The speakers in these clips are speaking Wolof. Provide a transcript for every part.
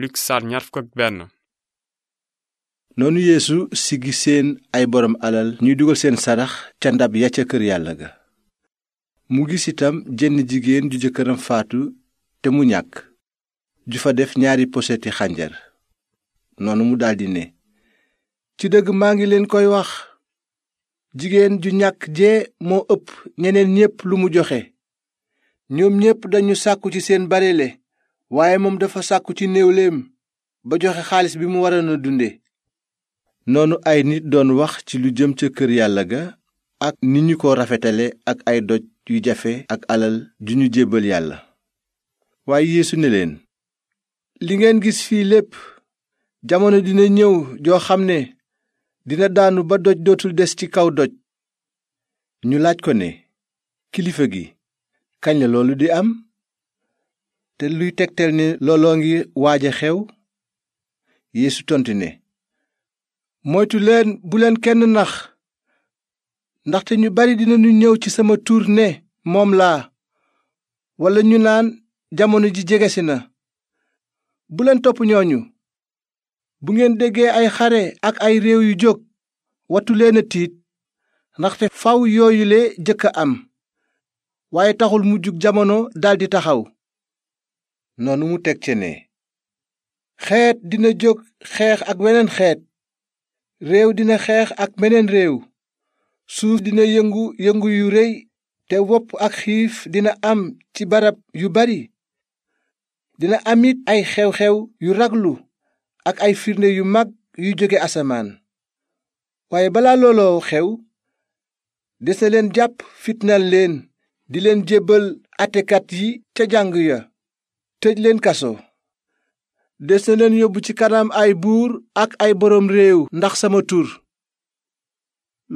Luk saar noonu yéesu siggi seen ay borom alal ñuy dugal seen sarax ca ndab ya ca kër yàlla ga mu gis itam jenn jigéen ju jëkkëram faatu te mu ñàkk ju fa def ñaari poseti xànjar noonu mu daldi ne ci dëgg maa ngi leen koy wax jigéen ju ñàkk jee moo ëpp ñeneen ñépp lu mu joxe ñoom ñépp dañu sàkku ci seen barele waaye moom dafa sàkku ci néewleem ba joxe xaalis bi mu waroon a dunde noonu ay nit doon wax ci lu jëm ca kër yàlla ga ak ni ñu ko rafetale ak ay doj yu jafe ak alal ju ñu jébbal yàlla waaye yeesu ne leen li ngeen gis fii lépp jamono dina ñëw joo xam ne dina daanu ba doj dootul des ci kaw doj ñu laaj ko ne kilifa gi kañ la loolu di am te luy tegteel ne looloo ngi waaj xew yéesu tontu ne moytu leen kenn nax ndaxte ñu bari dinañu ñëw ci sama tur ne moom laa walla ñu naan jamono ji jegesi na bu leen topp ñooñu bu ngeen déggee ay xare ak ay réew yu jóg wattu leen tiit ndaxte faw yooyule jëkk a am waaye taxul mujjug jamono daldi taxaw noonu mu teg ca ne xeet dina jóg xeex ak weneen xeet réew dina xeex ak meneen réew suuf dina yëngu yëngu yu rëy te wopp ak xiif dina am ci barab yu bari dina amit ay xew-xew yu raglu ak ay firnde yu mag yu jóge asamaan waaye balaa looloo xew des na leen jàpp fitnal leen di leen jébbal atekat yi ca jàng ya tëj leen kaso des na leen yóbbu ci kanam ay buur ak ay boroom réew ndax sama tur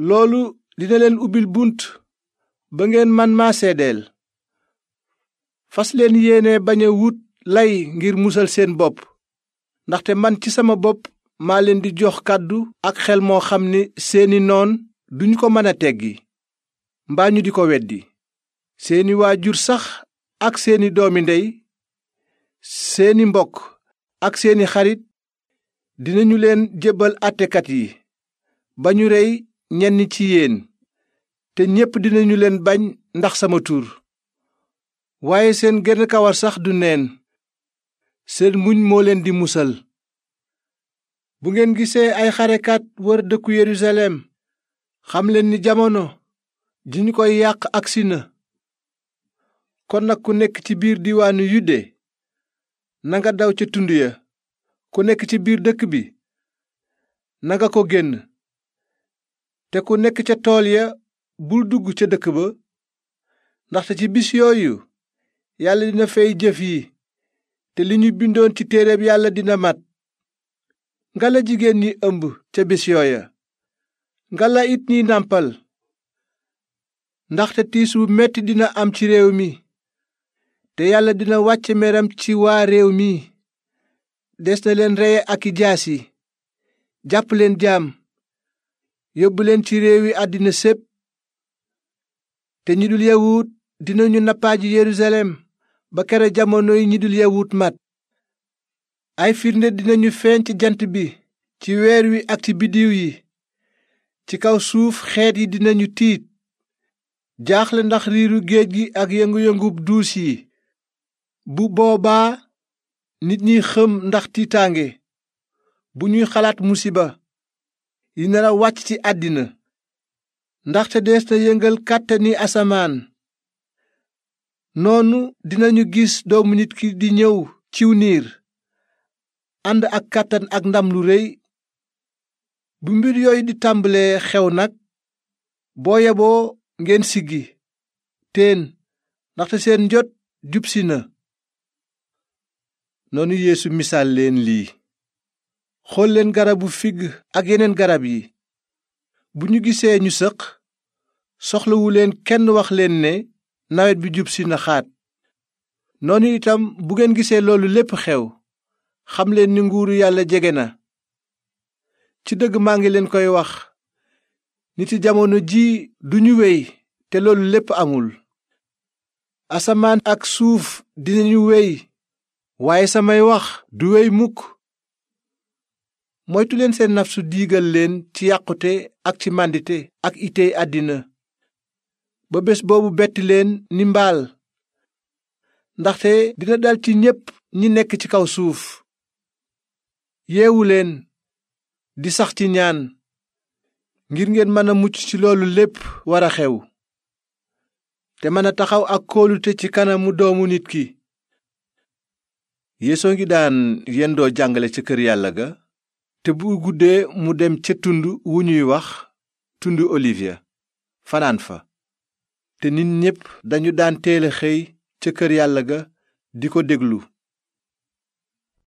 loolu dina leen ubbil bunt ba ngeen man maa seedeel fasleen leen yéene bañ a wut lay ngir musal seen bopp ndaxte man ci sama bopp maa leen di jox kàddu ak xel moo xam ni seeni noon duñu ko mën a teggi mbaa ñu di ko weddi seeni waajur sax ak seeni doomi ndey seeni mbokk ak seeni xarit dinañu leen jébbal àttekat yi ba ñu rey ñenn ci yéen te ñépp dinañu leen bañ ndax sama tur waaye seen genn kawar sax du neen seen muñ moo leen di musal bu ngeen gisee ay xarekat wër dëkku Yerusalem xam leen ni jamono ji ñu koy yàq agsi na kon nag ku nekk ci biir diwaanu Yude nanga daw ca tund ya ku nekk ci biir dëkk bi nanga ko génn te ku nekk ca tool ya bul dugg ca dëkk ba ndaxte ci bis yooyu yàlla dina fay jëf yi te li ñu bindoon ci téereb yàlla dina mat ngala jigéen ñi ëmb ca bis yooya ngala it ñiy nàmpal ndaxte tiis wu metti dina am ci réew mi te yàlla dina wàcce meram ci waa réew mi des na leen reye ak i jaas yi jàpp leen jaam yóbbu leen ci réew yi àddina sépp te ñi dul yawut dinañu nappaaji yerusalem ba kere jamono yi ñi dul yawut mat ay firnde dinañu feeñ ci jant bi ci weer wi ak ci biddiw yi ci kaw suuf xeet yi dinañu tiit jaaxle ndax riiru géej gi ak yëngu-yëngub duus yi bu boobaa nit ñi xëm ndax tiitaange bu ñuy xalaat musiba yi nar a wàcc ci àddina ndaxte dees na yëngal kàttani asamaan noonu dinañu gis doomu nit ki di ñëw ciw niir ànd ak kàttan ak ndam lu rëy bu mbir yooyu di tàmbalee xew nag boo yeboo ngeen siggi teen ndaxte seen njot jubsi na noonu yeesu misaal leen lii xool leen garabu figg ak yeneen garab yi bu ñu gisee ñu sëq soxlawu leen kenn wax leen ne nawet bi jub si na xaat noonu itam bu ngeen gisee loolu lépp xew xam leen ni nguuru yàlla jege na ci dëgg maa ngi leen koy wax niti jamono ji duñu wey te loolu lépp amul asamaan ak suuf dinañu wey waaye samay wax du wey mukk moytuleen leen seen nafsu diigal leen ci yàqute ak ci màndite ak itey àddina ba bés boobu betti leen ni mbaal ndaxte dina dal ci ñépp ñi nekk ci kaw suuf yeewu leen di sax ci ñaan ngir ngeen mën a mucc ci loolu lépp war a xew te mën a taxaw ak kóolute ci kanamu doomu nit ki yéesoo ngi daan yendoo jàngale ca kër yàlla ga te bu guddee mu dem ca tund wu ñuy wax tund olivier fanaan fa te nit ñépp dañu daan teel a xëy ca kër yàlla ga di ko déglu